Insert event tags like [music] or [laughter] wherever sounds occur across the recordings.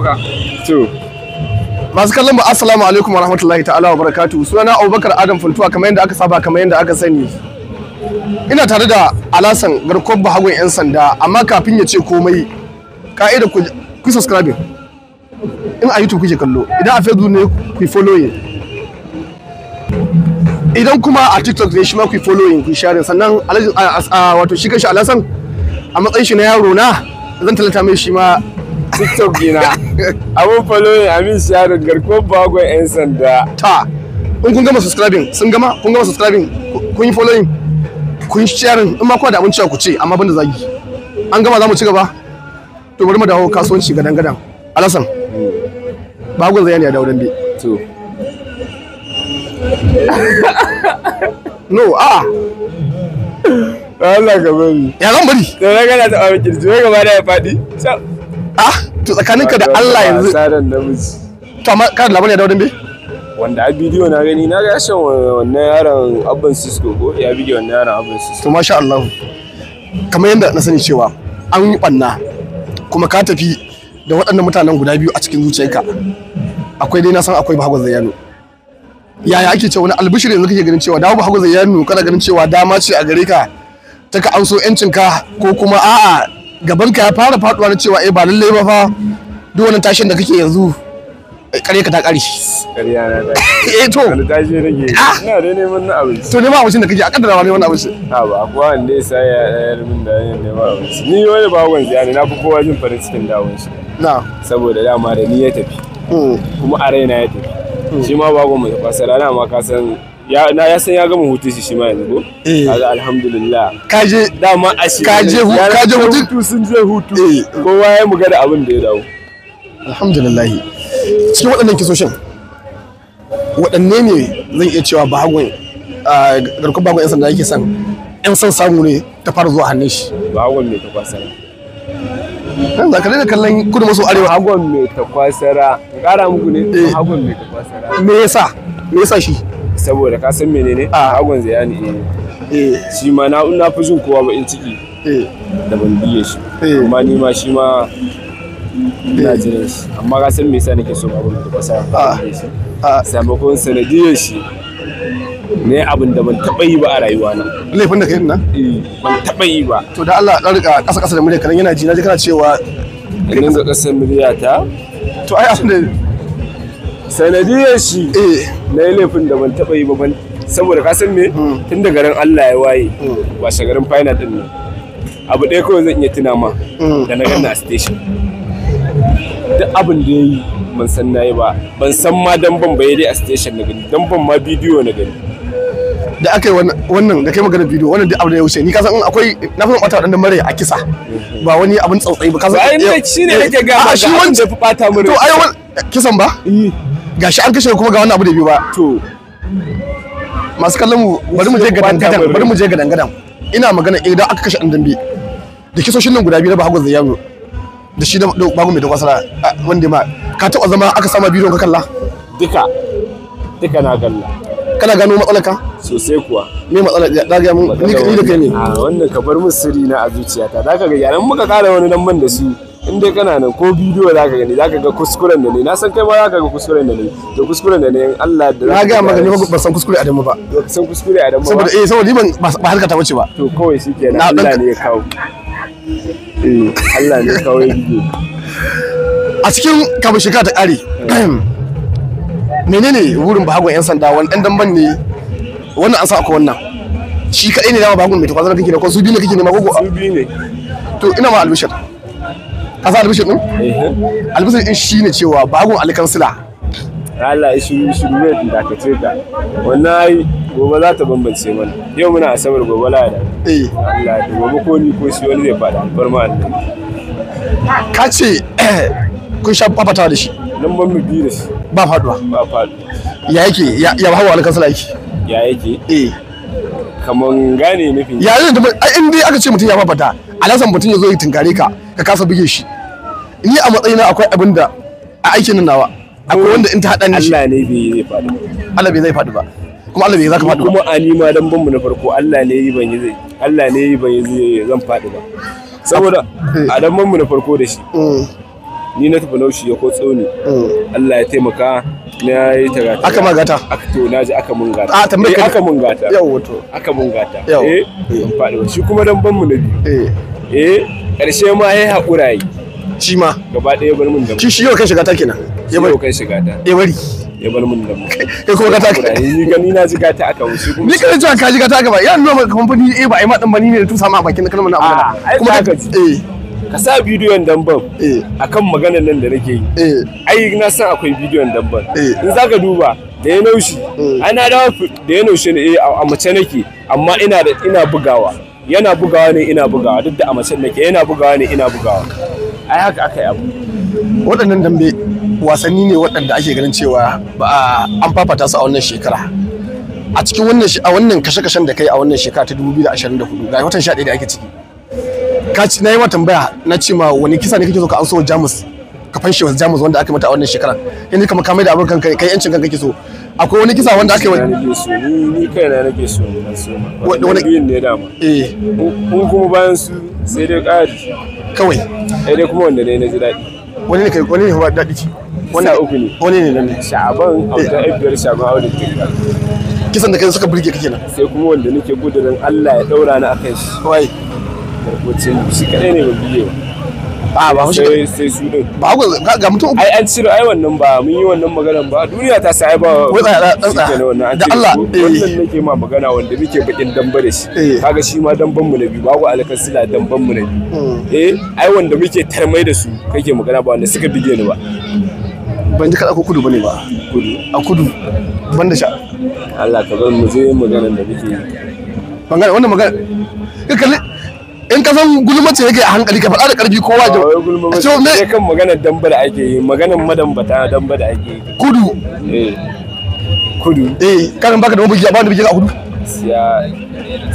kuka to masu kallon mu assalamu alaikum warahmatullahi ta'ala wa barakatuhu sunana Abubakar Adam Funtuwa kamar yadda aka saba kamar yadda aka sani ina tare da alasan garkon bahagon yan sanda amma kafin ya ce komai ka'ida ku ku subscribe in a YouTube kuke kallo idan a Facebook ne ku following idan kuma a TikTok ne shi ma ku following ku share sannan wato shi kanshi alasan a matsayin shi na yaro na zan talata mai shi ma tiktok gina abun falo ne amin sharin garkuwar bagon yan sanda ta in kun gama subscribing sun gama kun gama subscribing kun yi following kun sharing in ma kwa da abin cewa ku ce amma banda zagi an gama za mu ci gaba to bari mu dawo kasuwanci gadan gadan alasan bagon zai yana da wurin bi to no a Allah ka bari ya zan bari da na gana ta ba kirji wai gaba da ya faɗi ah to tsakaninka da Allah yanzu tsarin namiji to amma kana labarin da wadin bai wanda a bidiyo na gani na ga shan wannan yaron abban sisko ko ya bidiyo wannan yaron abban sisko to masha Allah kamar yadda na sani cewa an yi banna kuma ka tafi da waɗannan mutanen guda biyu a cikin zuciyarka akwai dai na san akwai bahago zayyano yaya ake cewa wani albishirin yanzu kake ganin cewa da bahago zayyano kana ganin cewa dama ce a gare ka ta ka an so yancinka ko kuma a'a gaban ka ya fara faduwa na cewa eh ba lallai ba fa duk wani tashin da kake yanzu kare ka ta kare shi kariya na ta eh, to wani tashi nake ah! ina dai neman na abinci to neman abincin da kake a kaddara ma neman shi a ba kuwa wanda ya sai ya yar min da yin neman shi ni wani ba wanzu ziyara na fi kowa jin farin cikin dawon shi na saboda dama da ni ya tafi hmm. kuma a raina ya tafi hmm. shi ma ba gwamnati kwasara ma ka san ya na ya san ya gama hutun shi shi ma yanzu ko eh. kaga alhamdulillah kaje dama a shi kaje hu kaje hutu sun je hutu eh. kowa ya muga da abin da ya dawo alhamdulillah cikin waɗannan kisoshin waɗanne ne zan iya cewa bagon garkon bagon yan sanda yake san yan san samu ne ta fara zuwa hannun shi bagon mai takwasara kan za ka daina kallon kudu maso arewa hagon mai takwasara ƙara muku ne eh. hagon mai takwasara me yasa me yasa shi saboda ka san menene a ah. hagon zayani ne eh shi ma na na fi jin kowa in ciki eh da ban biye shi eh. amma ni ma shi ma ina eh. jiran shi amma ka san me yasa nake so abin da ba sa ba a ah. samakon ah. sanadiyar shi ne abin da ban taɓa yi ba a rayuwa na. Laifin da ka yi eh Ban taɓa yi ba. To da Allah ɗan rika kasa kasa da murya kanan yana ji na kana cewa. Ganin ga kasa murya ta? To ai abin da sanadiyar shi eh. na yi laifin da ban taɓa yi ba ban saboda ka san me hmm. tun da garin Allah ya waye hmm. shi garin final din nan abu ɗaya kawai zan iya tuna ma hmm. da na gana a station duk abin da ya yi ban san na yi ba ban san ma dan ban bai dai a station na gani dan ban ma bidiyo na gani da aka yi wannan da kai magana bidiyo wannan duk abu da ya wuce ni kasan in akwai na fi bata waɗanda mara a kisa ba wani abin tsautsayi ba kasan ai eh, ne eh, ake kake da abin shi ya fi bata mara to ai kisan ba gashi an kashe kuma ga wannan abu da biyu ba to masu kallon mu bari mu je ga dangadan bari mu je ga dangadan ina magana eh, idan aka kashe dan dambe da kisoshin nan guda biyu na ba hagu yaro da shi da bago mai dogwasara wanda ma ka taba zama aka sama bidiyon ka kalla duka duka na kalla kana gano matsalar ka sosai kuwa me matsalar da ga mun ni da kai ne a wannan ka bar min sirri na a zuciyata zaka ga yaran muka kara wani nan man da su in dai kana nan ko bidiyo zaka gani zaka ga kuskuren da ne na san kai ma zaka ga kuskuren da ne to kuskuren da ne in Allah da na ga maka ne ba san kuskure a ba ba san kuskure a ba saboda eh saboda ban ba harka ta wuce ba to kawai shikenan Allah ne ya kawo eh Allah ne ya kawo bidiyo a cikin kafin shika ta kare [clears throat] menene wurin bahagon yan sanda wani dan damban ne wannan an sa akwai wannan shi kadai ne dama bahagon mai tukwazo kake ne ko su biyu ne kake ne ma gogo su biyu ne to ina ma albishar. Asa sa ɗin? din ɗin shi ne cewa bagun alkansila Allah ya shiru shiru ne da ka ce ka wannan gobe za ta bambance mana yau muna asabar gobe lahadi eh Allah ya gobe ko ni ko shi wani zai fada alfarma Allah ka ce [clears throat] kun sha fafata da shi lambar mu biyu da shi ba faduwa ba faduwa ya yake ya ba hawa alkansila yake ya yake eh kaman gane nufin ya yi da in dai aka ce mutum ya fafata alasan mutum ya zo ya tinkare ka ka kasa buge shi ni a matsayina akwai abin da a aikin nan nawa akwai wanda in ta hada ni Allah ne bai zai faɗi Allah bai zai faɗi ba kuma Allah bai zaka faɗi ba kuma anima dan banmu na farko Allah ne yi ban yi zai Allah ne yi ban yi zai zan faɗi ba saboda a dan banmu na farko da shi mm. ni na tafi naushi ya ko ne mm. Allah ya taimaka na yi ta gata aka ma gata aka to na ji aka mun gata a ah, tambaye eh, ka aka mun gata yawa to aka mun gata eh zan faɗi ba shi kuma dan banmu na biyu eh karshe eh, ma yayi haƙura yi shi ma gaba ɗaya bar mun da shi shi yau kai shiga ta kenan ya bari kai shiga ta ya bari ya bar mun da mu kai kuma ka ta ni gani na shiga ta aka wuce kuma ni kana jiran ka shiga ta gaba ya nuna kamfani eh ba ai ma dan bani ne da tusa ma bakin kalmar na abu ah, kuma ka eh ka sa bidiyon damban eh. a kan maganar nan da nake yi eh. ai na san akwai bidiyon damban eh. in za ka duba da ya naushi ana dawa da ya naushi ne a mace nake amma ina bugawa yana bugawa ne ina bugawa duk da a mace nake yana bugawa ne ina bugawa ai haka aka yi abu waɗannan dambe wasanni ne waɗanda ake ganin cewa ba an fafata su a wannan shekara a cikin wannan a wannan kashe-kashen da kai a wannan shekara ta 2024 ga watan 11 da ake ciki ka ci na yi ma tambaya na ce ma wani kisa ne kake so ka an so jamus ka fanshe wa jamus wanda aka mata a wannan shekara yanzu kama kamar da abin kanka kai yancin kan ke so akwai wani kisa wanda aka yi wani nake so ni kai na nake so wani biyun ne dama eh ko kuma bayan su sai dai ƙari kawai eh dai kuma wanda ne na ji daɗi wani ne kai wani ne ba daɗi ci wanda uku ne wani ne nan sha'aban abu da ibiyar sha'aban aure kisan da kai suka burge kake nan sai kuma wanda nake gudurin Allah ya daura ni akai shi wai ce shi kadai ne ban biye ba a ba shi sai su din ba ku ga mutum ai an cire ai wannan ba mun yi wannan maganan ba duniya ta sai ba ko tsaya tsaya da Allah eh. wannan nake ma magana wanda muke bakin damba da shi eh. kaga shi ma damban mu na biyu ba ku alkasila damban mu na biyu hmm. eh ai wanda muke tarmai da su kake magana ba wanda suka bige ni ba ban ji kada ko kudu bane ba kudu a kudu ban da sha Allah ka bar mu je magana da muke yi bangare wannan magana ka kalli in ka san gulma yake a hankali ka faɗa da ƙarfi kowa da so ba ce kan magana damba da ake yi maganar madambata damba da ake yi kudu eh kudu eh karin baka da mabuji ba da bige a kudu siya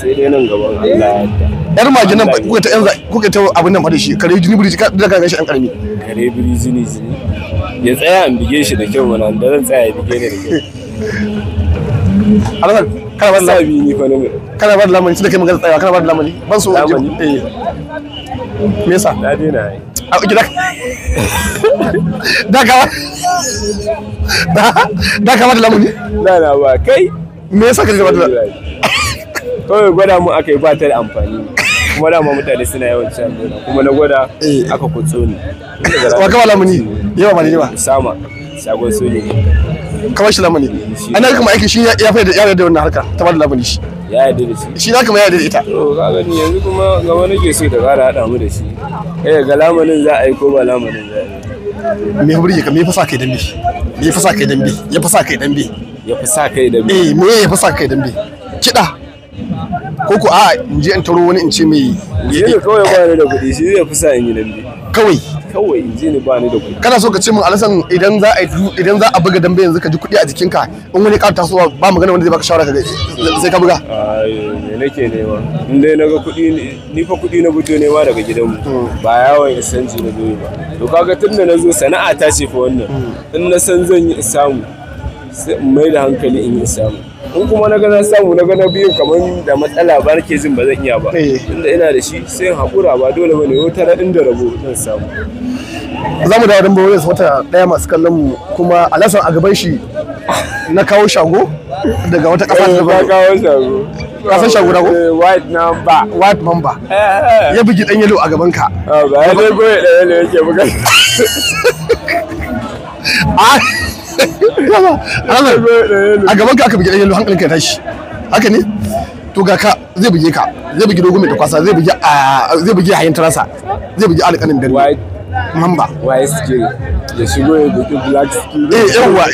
sai dai nan gaban Allah yar magi nan kuka ta yanzu kuka ta abin nan fa shi kare jini buri ka da ka shi an karami kare buri jini jini ya tsaya an bige shi da kyau wannan da zan tsaya bige ne. da kyau kana ba da lamani ni ko ne kana ba da lamani tunda kai magana tsayawa kana ba da lamani ban so lamani eh me yasa na dena a gida da ka da ka ba da lamani na na ba kai me yasa ka ba da lamani kawai gwada mu aka yi ba ta da amfani kuma dama mutane suna yawan cin kuma na gwada eh. aka kutso ni wa ka ba lamani yawa ba ne ba. sama shagon soja kamar shi lamuni an ga kuma aikin shi ya fa ya da wannan harka ta ba da lamuni shi ya yarda da shi shi na kuma ya yarda da ita to ga gani yanzu kuma ga wani ke so ta ƙara hada mu da shi eh ga lamunin za a yi ko ba lamunin za a yi me hurje ka me fasa kai dambe me fasa kai dambe ya fasa kai dambe ya fasa kai dambe eh me ya fasa kai dambe kida ko ko a in je in taro wani in ce me ne kawai ba da kuɗi shi zai fasa in yi dambe kawai kawai in je ba ni da kuɗi kana so ka ce min alasan idan za a idan za a buga dambe yanzu ka ji kuɗi a jikinka in wani ƙara tasowa ba magana wanda zai baka shawara ka sai ka buga me nake nema in dai naga kuɗi ni fa kuɗi na gudu nema daga gidanmu ba yawon isanci na doyi ba to kaga tun da na zo sana'a ta ce fa wannan mm. in na san zan yi samu sai in mai da hankali in yi samu in kuma na gana samu na gana biyu kamar da matsala ba nake jin ba zan iya ba inda eh. ina da shi sai haƙura ba dole bane wata na inda rabo zan samu za mu dawo don bawa wata ɗaya masu kallon mu kuma a lasan a gaban shi na kawo shago daga wata ƙasa da eh, ba kawo shago kasan shago na ko eh, white number white number ya bugi dan yalo a gaban ka ah, ba ya dai goye dan yalo yake buga [laughs] a gaban ka aka bugi dan yalo hankalinka ya tashi haka ne to ga ka zai buge ka zai buge dogon mai takwasa zai buge zai buge hayin tarasa zai buge alƙanin dare mamba waye suke ya shigo ya doki black skill eh yawa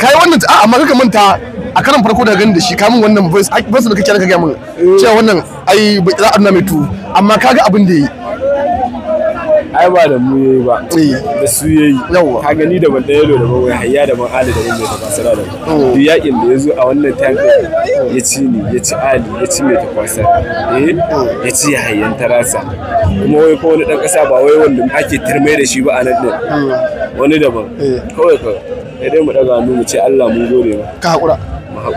kai wannan a amma kaka manta a karan farko da gani da shi kamun wannan voice voice da kake da kage mun eh. cewa wannan ai za a nuna mai tu amma kaga abin da yi ai ba da mu yayi ba eh. da su yayi ka gani da ban yalo da bawai hayya da ban ali da ban mai tafasara da oh. duk yakin da yazo a wannan time ya ci ni ya ci ali ya ci mai tafasar eh oh. ya ci ya hayyan tarasa kuma wai ko wani dan kasa ba wai wanda ake tarme da shi ba a nan din hmm. wani daban eh. kawai kawai sai dai mu daga hannu mu ce Allah mun gode ba ka hakura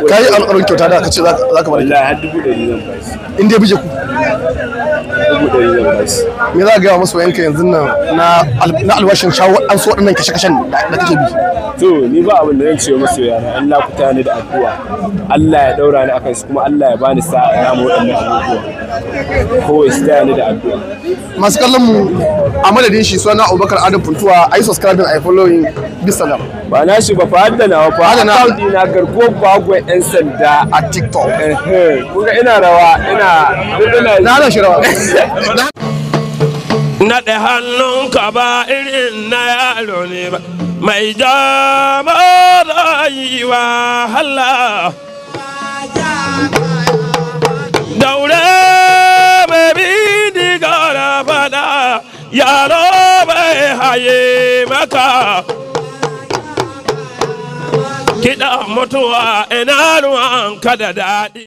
ka yi alƙawarin kyauta da ka ce za ka bari Allah har dubu ɗari zan ba shi in dai bije ku me za gaya masu yanka yanzu nan na alwashin shawo an so waɗannan kashe-kashen da kake bi to ni ba abin da zan ce musu yana Allah ku tani da abuwa? Allah ya daura ni akan su kuma Allah ya bani sa'a na mu wadannan abubuwa kowai su tani da abuwa. masu kallon mu a madadin shi suna Abubakar Adam Puntuwa ai subscribe ai following bisalam ba na shi ba fa hadda na fa hadda na na garkuwar bagwai yan sanda a TikTok kuga ina rawa ina na na shi rawa hannun [laughs] hannunka ba irin na yaro ne ba may jaamaray waa halla dawre kada